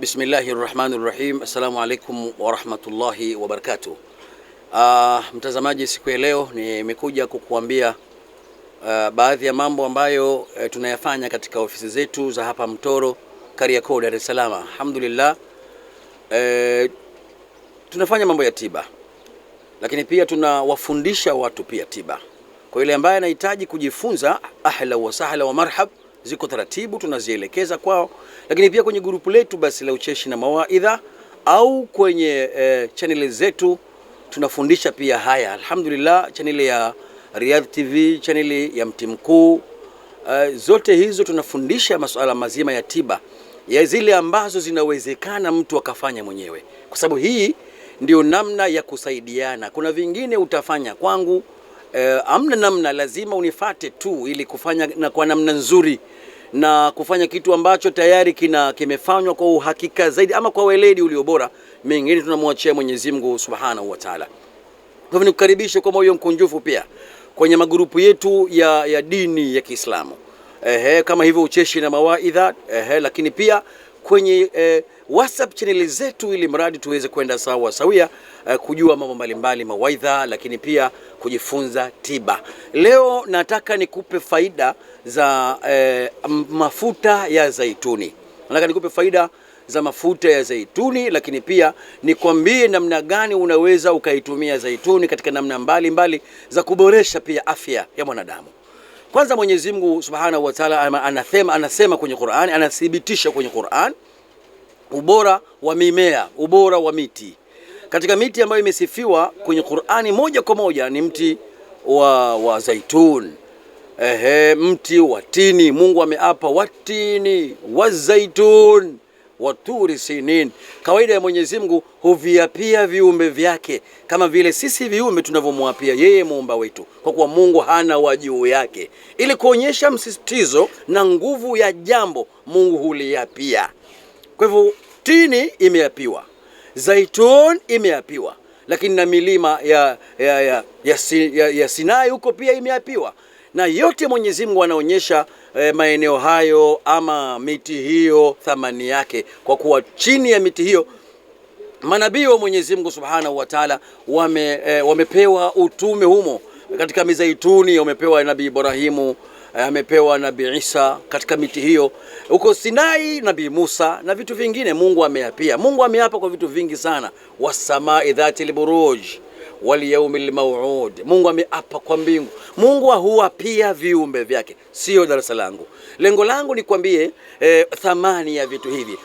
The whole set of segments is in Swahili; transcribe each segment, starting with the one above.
Bismillahi rahmani rahim. Assalamu alaikum warahmatullahi wabarakatuh. Uh, ah, mtazamaji, siku ya leo nimekuja kukuambia uh, baadhi ya mambo ambayo uh, tunayafanya katika ofisi zetu za hapa Mtoro, Kariakoo, Dar es Salaam. Alhamdulillah, uh, tunafanya mambo ya tiba, lakini pia tunawafundisha watu pia tiba. Kwa yule ambaye anahitaji kujifunza, ahla wa sahla wa marhab ziko taratibu tunazielekeza kwao, lakini pia kwenye grupu letu basi la ucheshi na mawaidha au kwenye e, eh, chaneli zetu tunafundisha pia haya. Alhamdulillah, chaneli ya Riyadh TV, chaneli ya Mti Mkuu, eh, zote hizo tunafundisha masuala mazima ya tiba ya zile ambazo zinawezekana mtu akafanya mwenyewe, kwa sababu hii ndio namna ya kusaidiana. Kuna vingine utafanya kwangu eh, amna namna, lazima unifate tu ili kufanya na kwa namna nzuri na kufanya kitu ambacho tayari kina kimefanywa kwa uhakika zaidi ama kwa weledi ulio bora. Mengine tunamwachia Mwenyezi Mungu Subhanahu wa Ta'ala. Kwa hivyo nikukaribishe kwa moyo mkunjufu pia kwenye magrupu yetu ya, ya dini ya Kiislamu ehe, kama hivyo ucheshi na mawaidha ehe, lakini pia kwenye eh, WhatsApp chaneli zetu, ili mradi tuweze kwenda sawa sawia, uh, kujua mambo mbalimbali, mawaidha, lakini pia kujifunza tiba. Leo nataka nikupe faida za eh, mafuta ya zaituni. Nataka nikupe faida za mafuta ya zaituni, lakini pia nikwambie namna gani unaweza ukaitumia zaituni katika namna mbalimbali mbali za kuboresha pia afya ya mwanadamu. Kwanza Mwenyezi Mungu Subhanahu wa Ta'ala anasema, anasema kwenye Qur'an, anathibitisha kwenye Qur'an ubora wa mimea, ubora wa miti. Katika miti ambayo imesifiwa kwenye Qur'ani moja kwa moja ni mti wa, wa zaitun. Ehe, mti wa tini. Mungu ameapa wa tini wa zaitun waturi sinin. Kawaida ya Mwenyezi Mungu huviapia viumbe vyake kama vile sisi viumbe tunavyomwapia yeye muumba wetu, kwa kuwa Mungu hana wajuu yake, ili kuonyesha msisitizo na nguvu ya jambo Mungu huliapia. Kwa hivyo tini imeapiwa, Zaitun imeapiwa, lakini na milima ya, ya, ya, ya, ya, ya Sinai huko pia imeapiwa na yote Mwenyezi Mungu anaonyesha eh, maeneo hayo ama miti hiyo thamani yake, kwa kuwa chini ya miti hiyo manabii wa Mwenyezi Mungu Subhanahu wa Ta'ala wame, eh, wamepewa utume humo. Katika mizeituni wamepewa Nabii Ibrahimu Eh, amepewa Nabii Isa katika miti hiyo huko Sinai, Nabii Musa na vitu vingine Mungu ameapia. Mungu ameapa kwa vitu vingi sana, wasamai dhati liburuj wal yaumil lmauud Mungu ameapa kwa mbingu. Mungu huapia viumbe vyake. Sio darasa langu, lengo langu ni kuambie eh, thamani ya vitu hivi.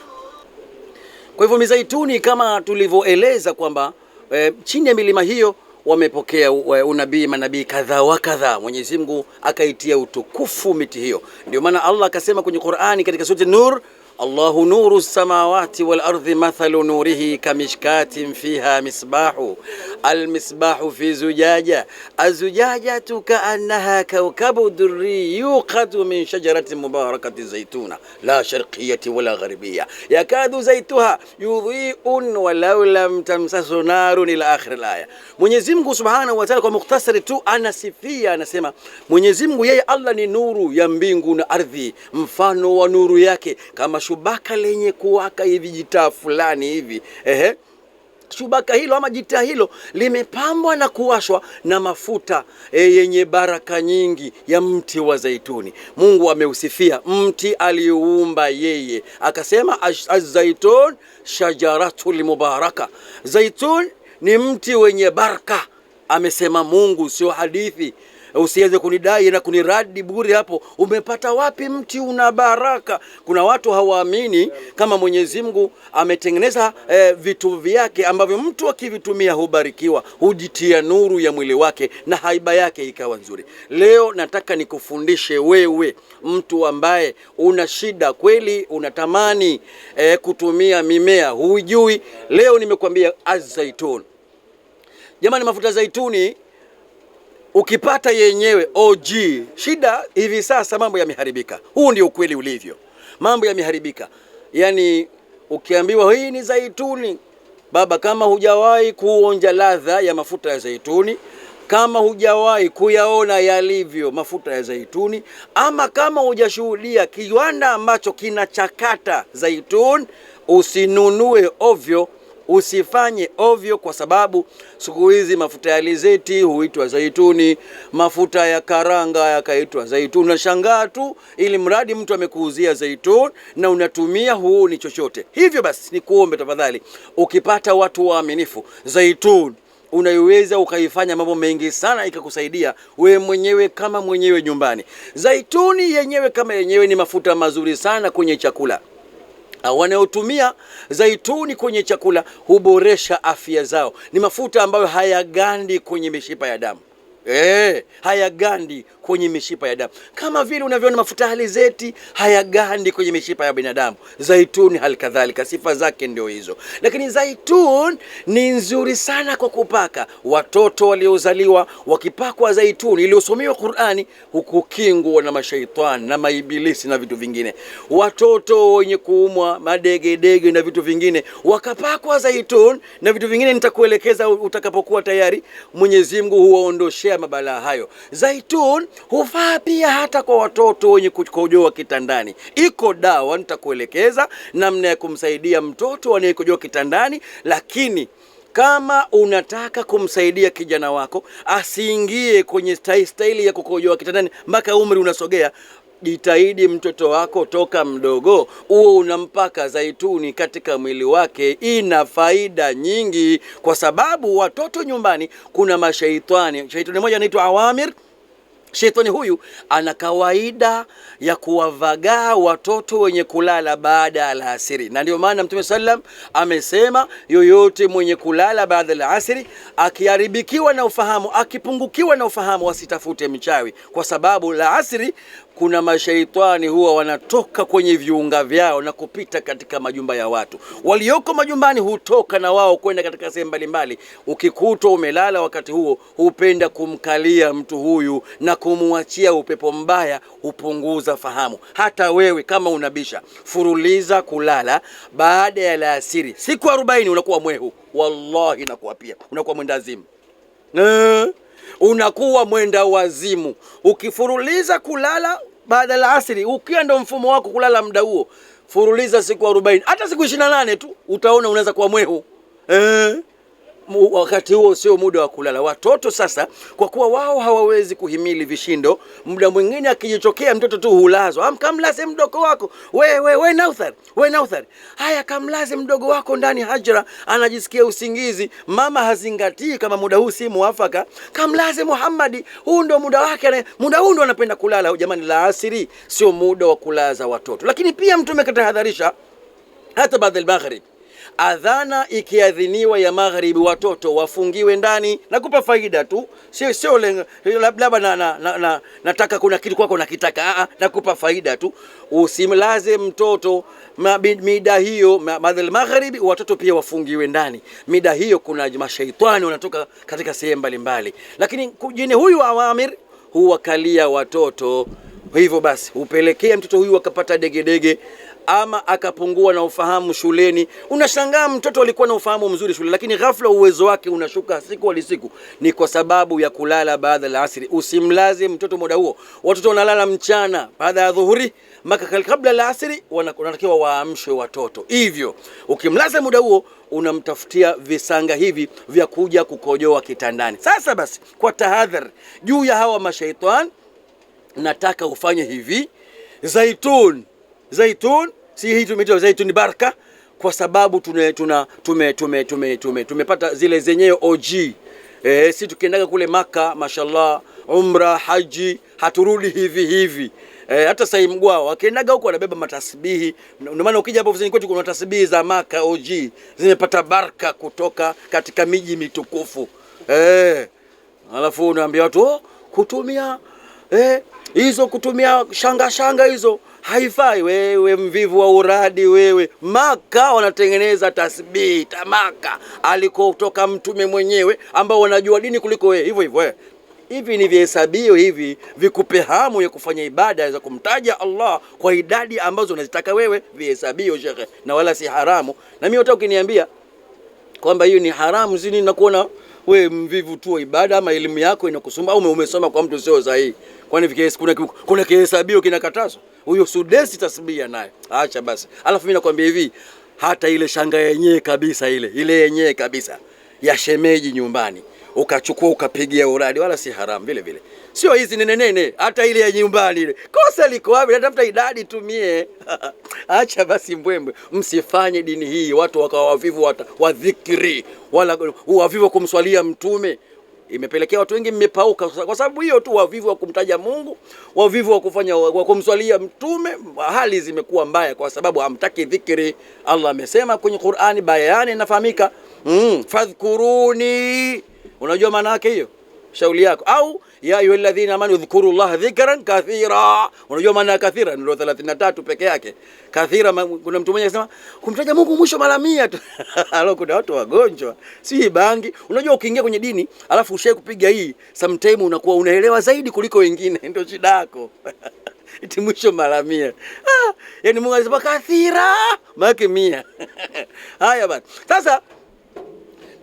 Kwa hivyo mizaituni, kama tulivyoeleza kwamba eh, chini ya milima hiyo wamepokea unabii manabii kadhaa wa kadhaa. Mwenyezi Mungu akaitia utukufu miti hiyo, ndio maana Allah akasema kwenye Qur'ani katika sura Nur Allahu nuru samawati wal ardi mathalu nurihi kamishkatin fiha misbahu almisbahu fi zujaja azujajatu kaannaha kawkabu durri yuqadu min shajaratin mubarakati zaituna la sharqiyati wala gharibiya yakadu zaituha yudhi'un walau lam tamsasu narun ila akhir alaya. Mwenyezi Mungu subhanahu wa ta'ala, kwa mukhtasari tu, anasifia anasema, Mwenyezi Mungu yeye Allah ni nuru ya mbingu na ardhi, mfano wa nuru yake kama shubaka lenye kuwaka hivi jitaa fulani hivi ehe shubaka hilo ama jitaa hilo limepambwa na kuwashwa na mafuta e, yenye baraka nyingi ya mti wa zaituni. Mungu ameusifia mti aliuumba yeye, akasema azaitun shajaratul mubaraka, zaitun ni mti wenye baraka. Amesema Mungu, sio hadithi usiweze kunidai na kuniradi bure hapo. Umepata wapi mti una baraka? Kuna watu hawaamini kama Mwenyezi Mungu ametengeneza e, vitu vyake ambavyo mtu akivitumia hubarikiwa, hujitia nuru ya mwili wake na haiba yake ikawa nzuri. Leo nataka nikufundishe wewe, mtu ambaye una shida kweli, unatamani e, eh, kutumia mimea hujui. Leo nimekwambia azaitun Jamani, mafuta zaituni ukipata yenyewe OG. Shida hivi sasa mambo yameharibika, huu ndio ukweli ulivyo, mambo yameharibika. Yani ukiambiwa hii ni zaituni baba, kama hujawahi kuonja ladha ya mafuta ya zaituni kama hujawahi kuyaona yalivyo mafuta ya zaituni, ama kama hujashuhudia kiwanda ambacho kinachakata zaituni, usinunue ovyo. Usifanye ovyo, kwa sababu siku hizi mafuta ya alizeti huitwa zaituni, mafuta ya karanga yakaitwa zaituni. Unashangaa tu, ili mradi mtu amekuuzia zaituni na unatumia huu ni chochote hivyo. Basi nikuombe tafadhali, ukipata watu waaminifu, zaituni unaiweza ukaifanya mambo mengi sana ikakusaidia we mwenyewe kama mwenyewe nyumbani. Zaituni yenyewe kama yenyewe ni mafuta mazuri sana kwenye chakula. Ah, wanayotumia zaituni kwenye chakula huboresha afya zao. Ni mafuta ambayo hayagandi kwenye mishipa ya damu. Eh, hayagandi kwenye mishipa ya damu kama vile unavyoona mafuta halizeti hayagandi kwenye mishipa ya binadamu. Zaituni halikadhalika, sifa zake ndio hizo. Lakini zaituni ni nzuri sana kwa kupaka. Watoto waliozaliwa wakipakwa zaituni iliyosomewa Qur'ani, hukukingwa na mashaitani na maibilisi na vitu vingine. Watoto wenye kuumwa madegedege na vitu vingine wakapakwa zaituni na vitu vingine, nitakuelekeza utakapokuwa tayari. Mwenyezi Mungu huwaondoshea kuwaletea mabalaa hayo. Zaitun hufaa pia hata kwa watoto wenye kukojoa kitandani. Iko dawa nitakuelekeza namna ya kumsaidia mtoto anayekojoa kitandani, lakini kama unataka kumsaidia kijana wako asiingie kwenye staili ya kukojoa kitandani mpaka umri unasogea, jitahidi mtoto wako toka mdogo huo unampaka zaituni katika mwili wake. Ina faida nyingi, kwa sababu watoto nyumbani kuna mashaitani. Shaitani moja anaitwa awamir Shetani huyu ana kawaida ya kuwavagaa watoto wenye kulala baada ya alasiri, na ndio maana Mtume sallam amesema yoyote mwenye kulala baada ya alasiri akiharibikiwa na ufahamu, akipungukiwa na ufahamu, wasitafute mchawi, kwa sababu la asiri kuna mashaitani huwa wanatoka kwenye viunga vyao na kupita katika majumba ya watu. Walioko majumbani hutoka na wao kwenda katika sehemu mbalimbali. Ukikutwa umelala wakati huo, hupenda kumkalia mtu huyu na kumwachia upepo mbaya, hupunguza fahamu. Hata wewe kama unabisha, furuliza kulala baada ya laasiri, siku arobaini unakuwa mwehu. Wallahi nakuwa pia unakuwa azimu eh? unakuwa mwenda wazimu ukifuruliza kulala baada la asiri, ukiwa ndo mfumo wako kulala muda huo, furuliza siku 40 hata siku 28 tu, utaona unaweza kuwa mwehu eh wakati huo sio muda wa kulala. Watoto sasa, kwa kuwa wao hawawezi kuhimili vishindo, muda mwingine akijichokea mtoto tu hulazwa. Amkamlaze mdogo wako we, we, we Nauthar, we Nauthar, haya kamlaze mdogo wako ndani Hajra, anajisikia usingizi. Mama hazingatii kama muda huu si muafaka, kamlaze Muhammadi, huu ndo muda wake, muda huu ndo anapenda kulala. Jamani, la asiri sio muda wa kulaza watoto. Lakini pia Mtume katahadharisha hata baada al-maghrib adhana ikiadhiniwa ya magharibi, watoto wafungiwe ndani. Nakupa faida tu, sio sio labda na, na, na, na, nataka kuna kitu kwako nakitaka. Aa, nakupa faida tu, usimlaze mtoto mida hiyo madhal magharibi, watoto pia wafungiwe ndani mida hiyo. Kuna mashaitani wanatoka katika sehemu mbalimbali, lakini jini huyu awamir huwakalia watoto hivyo basi hupelekea mtoto huyu akapata degedege ama akapungua na ufahamu shuleni. Unashangaa mtoto alikuwa na ufahamu mzuri shule, lakini ghafla uwezo wake unashuka siku hadi siku. Ni kwa sababu ya kulala baada ya asiri. Usimlaze mtoto muda huo. Watoto wanalala mchana baada ya dhuhuri maka kabla la asiri, wanatakiwa waamshwe watoto. Hivyo ukimlaza muda huo unamtafutia visanga hivi vya kuja kukojoa kitandani. Sasa basi, kwa tahadhari juu ya hawa mashaitani, nataka ufanye hivi zaitun zaitun, si hii tumeitwa zaitun baraka kwa sababu tune, tuna tume tume tume tume tumepata zile zenyewe OG. Eh, si tukiendaga kule Maka, mashallah umra haji haturudi hivi hivi. E, hata sai mgwao wakiendaga huko wanabeba matasbihi. Ndio maana ukija hapo kwetu kuna matasbihi za Maka OG zimepata baraka kutoka katika miji mitukufu Eh, Alafu unaambia watu oh, kutumia eh, hizo kutumia shanga shanga hizo haifai. Wewe mvivu wa uradi wewe! Maka wanatengeneza tasbihi tamaka alikotoka mtume mwenyewe, ambao wanajua dini kuliko wewe. Hivyo hivyo wewe eh. hivi ni vihesabio hivi vikupe hamu ya kufanya ibada za kumtaja Allah kwa idadi ambazo unazitaka wewe, vihesabio shekhe, na wala si haramu. Na mimi hata ukiniambia kwamba hiyo ni haramu zini, nakuona we mvivu tu wa ibada, ama elimu yako inakusumbua au umesoma kwa mtu sio sahihi. Kwani kuna kihesabio kinakatazwa? huyo Sudesi tasbia naye, acha basi. Alafu mimi nakwambia hivi, hata ile shanga yenyewe kabisa, ile ile yenyewe kabisa ya shemeji nyumbani, ukachukua ukapigia uradi, wala si haramu vile vile, sio hizi nene nene, hata ile ya nyumbani ile. Kosa liko wapi? Natafuta idadi tumie. Acha basi mbwembwe, msifanye dini hii watu wakawa wavivu wa dhikri wala wavivu kumswalia Mtume imepelekea watu wengi mmepauka kwa sababu hiyo tu, wavivu wa kumtaja Mungu, wavivu wa kufanya wa kumswalia Mtume. Hali zimekuwa mbaya kwa sababu hamtaki dhikri. Allah amesema kwenye Qur'ani bayani, inafahamika mm, fadhkuruni. Unajua maana yake hiyo shauli yako au ya alladhina amanu dhkuru llaha dhikran kathira. Unajua maana ya kathira ndio 33 peke yake. Kathira, kuna mtu mmoja anasema kumtaja Mungu mwisho mara 100 tu alo, kuna watu wagonjwa, si bangi. Unajua ukiingia kwenye dini alafu ushaye kupiga hii, sometime unakuwa unaelewa zaidi kuliko wengine, ndio shida yako iti mwisho mara 100. Ah, yani Mungu alisema kathira maana 100 haya bana, sasa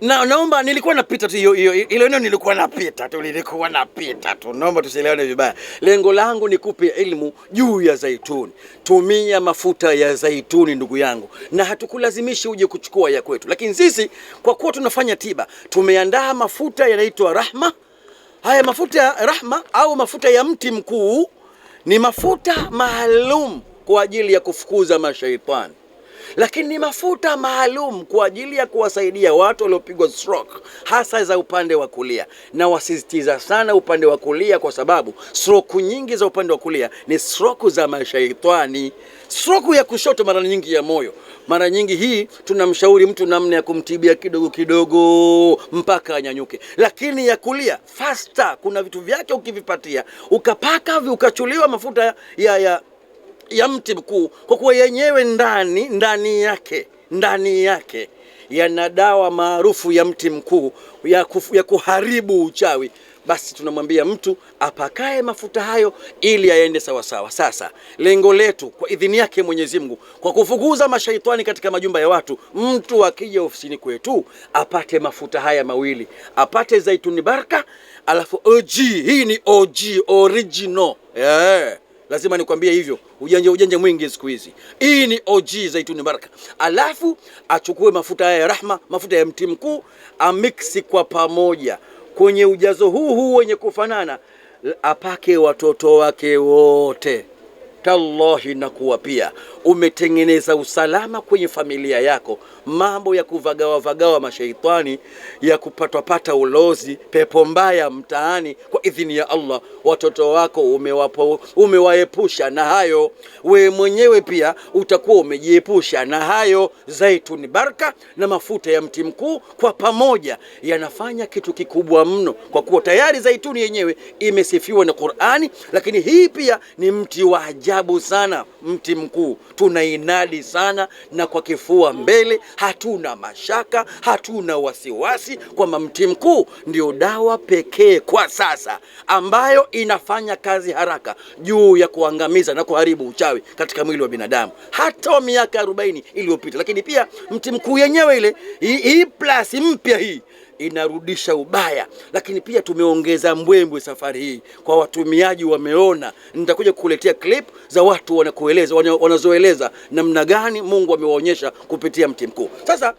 na naomba nilikuwa napita tu hiyo hiyo ile eneo nilikuwa napita tu nilikuwa napita tu. Naomba tusielewane vibaya. Lengo langu ni kupe elimu juu ya zaituni. Tumia mafuta ya zaituni ndugu yangu. Na hatukulazimishi uje kuchukua ya kwetu. Lakini sisi kwa kuwa tunafanya tiba, tumeandaa mafuta yanaitwa Rahma. Haya mafuta ya Rahma au mafuta ya mti mkuu ni mafuta maalum kwa ajili ya kufukuza mashaitani lakini ni mafuta maalum kwa ajili ya kuwasaidia watu waliopigwa stroke hasa za upande wa kulia, na wasisitiza sana upande wa kulia kwa sababu stroke nyingi za upande wa kulia ni stroke za mashaitani. Stroke ya kushoto mara nyingi ya moyo, mara nyingi hii tunamshauri mtu namna ya kumtibia kidogo kidogo mpaka anyanyuke, lakini ya kulia faster, kuna vitu vyake ukivipatia ukapaka ukachuliwa mafuta ya, ya ya mti mkuu, kwa kuwa yenyewe ndani ndani yake ndani yake yana dawa maarufu ya mti mkuu ya, kufu, ya kuharibu uchawi. Basi tunamwambia mtu apakae mafuta hayo ili aende sawasawa. Sasa lengo letu kwa idhini yake Mwenyezi Mungu, kwa kufukuza mashaitani katika majumba ya watu, mtu akija ofisini kwetu apate mafuta haya mawili, apate zaituni baraka, alafu OG. Hii ni OG original yeah lazima nikwambie hivyo, ujanja ujanja mwingi siku hizi. Hii ni OG Zaituni Baraka, alafu achukue mafuta haya ya rahma, mafuta ya mti mkuu, amiksi kwa pamoja kwenye ujazo huu huu wenye kufanana, apake watoto wake wote. Tallahi, nakuwa pia umetengeneza usalama kwenye familia yako mambo ya kuvagawavagawa mashaitani ya kupatwapata ulozi, pepo mbaya mtaani. Kwa idhini ya Allah, watoto wako umewapo, umewaepusha na hayo, we mwenyewe pia utakuwa umejiepusha na hayo. Zaituni baraka na mafuta ya mti mkuu kwa pamoja yanafanya kitu kikubwa mno, kwa kuwa tayari zaituni yenyewe imesifiwa na Qur'ani, lakini hii pia ni mti wa ajabu sana, mti mkuu tunainadi sana na kwa kifua mbele hatuna mashaka, hatuna wasiwasi kwamba mti mkuu ndio dawa pekee kwa sasa ambayo inafanya kazi haraka juu ya kuangamiza na kuharibu uchawi katika mwili wa binadamu, hata miaka 40 iliyopita. Lakini pia mti mkuu yenyewe ile hii plus mpya hii inarudisha ubaya, lakini pia tumeongeza mbwembwe safari hii kwa watumiaji, wameona. Nitakuja kukuletea clip za watu wanakueleza, wanazoeleza namna gani Mungu amewaonyesha kupitia mti mkuu. Sasa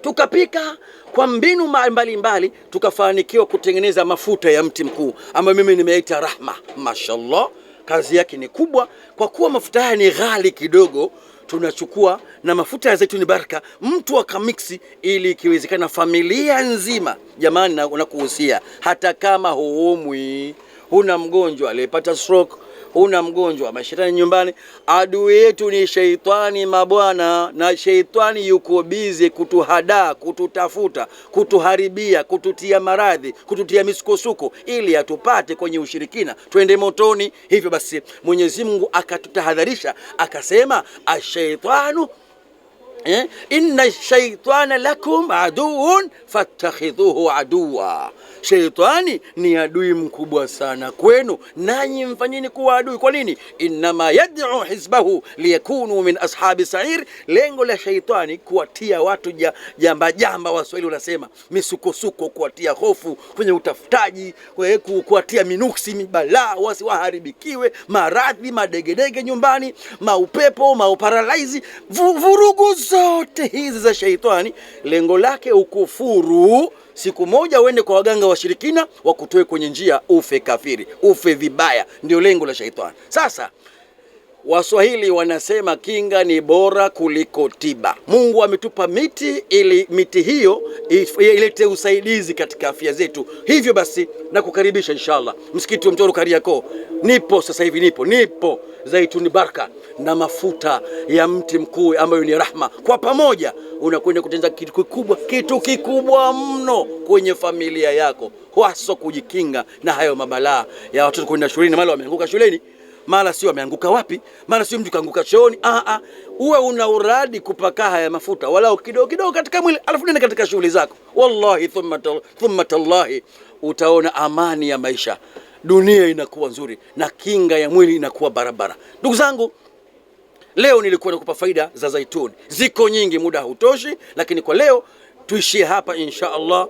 tukapika kwa mbinu mbalimbali mbali, tukafanikiwa kutengeneza mafuta ya mti mkuu ambayo mimi nimeita Rahma. Mashallah, kazi yake ni kubwa, kwa kuwa mafuta haya ni ghali kidogo tunachukua na mafuta ya zaituni Baraka, mtu akamiksi, ili ikiwezekana familia nzima. Jamani, nakuhusia hata kama huumwi, huna mgonjwa aliyepata stroke huna mgonjwa. Mashetani nyumbani, adui yetu ni sheitani mabwana, na sheitani yuko bize kutuhadaa, kututafuta, kutuharibia, kututia maradhi, kututia misukosuko, ili atupate kwenye ushirikina, twende motoni. Hivyo basi Mwenyezi Mungu akatutahadharisha akasema ashaitanu Eh, inna shaitana lakum aduun fattakhidhuhu aduwa, shaitani ni adui mkubwa sana kwenu, nanyi mfanyeni kuwa adui. Kwa nini? Innama yad'u hizbahu liyakunu min ashabi sair, lengo la shaitani kuwatia watu jambajamba jamba. Waswahili wanasema misukosuko, kuwatia hofu kwenye utafutaji, eh, kuwatia minuksi, mibalaa, wasi waharibikiwe, maradhi, madegedege nyumbani, maupepo, mauparalaizi, vurugu zote hizi za sheitani, lengo lake ukufuru, siku moja uende kwa waganga washirikina wakutoe kwenye njia, ufe kafiri, ufe vibaya, ndio lengo la sheitani. Sasa Waswahili wanasema kinga ni bora kuliko tiba. Mungu ametupa miti ili miti hiyo ilete usaidizi katika afya zetu. Hivyo basi, na kukaribisha inshallah msikiti wa Mtoro Kariakoo. Nipo sasa hivi, nipo nipo Zaituni Baraka na mafuta ya mti mkuu ambayo ni rahma. Kwa pamoja unakwenda kutenza kitu kikubwa, kitu kikubwa mno kwenye familia yako, waso kujikinga na hayo mabalaa ya watoto kwenda shuleni, mara wameanguka shuleni mara sio ameanguka wapi, mara sio mtu kaanguka chooni. Ah, ah, uwe una uradi kupaka haya mafuta walau kidogo kidogo katika mwili, alafu nenda katika shughuli zako. Wallahi thumma thumma tallahi, utaona amani ya maisha, dunia inakuwa nzuri na kinga ya mwili inakuwa barabara. Ndugu zangu, leo nilikuwa nakupa faida za zaituni, ziko nyingi, muda hautoshi, lakini kwa leo tuishie hapa insha Allah.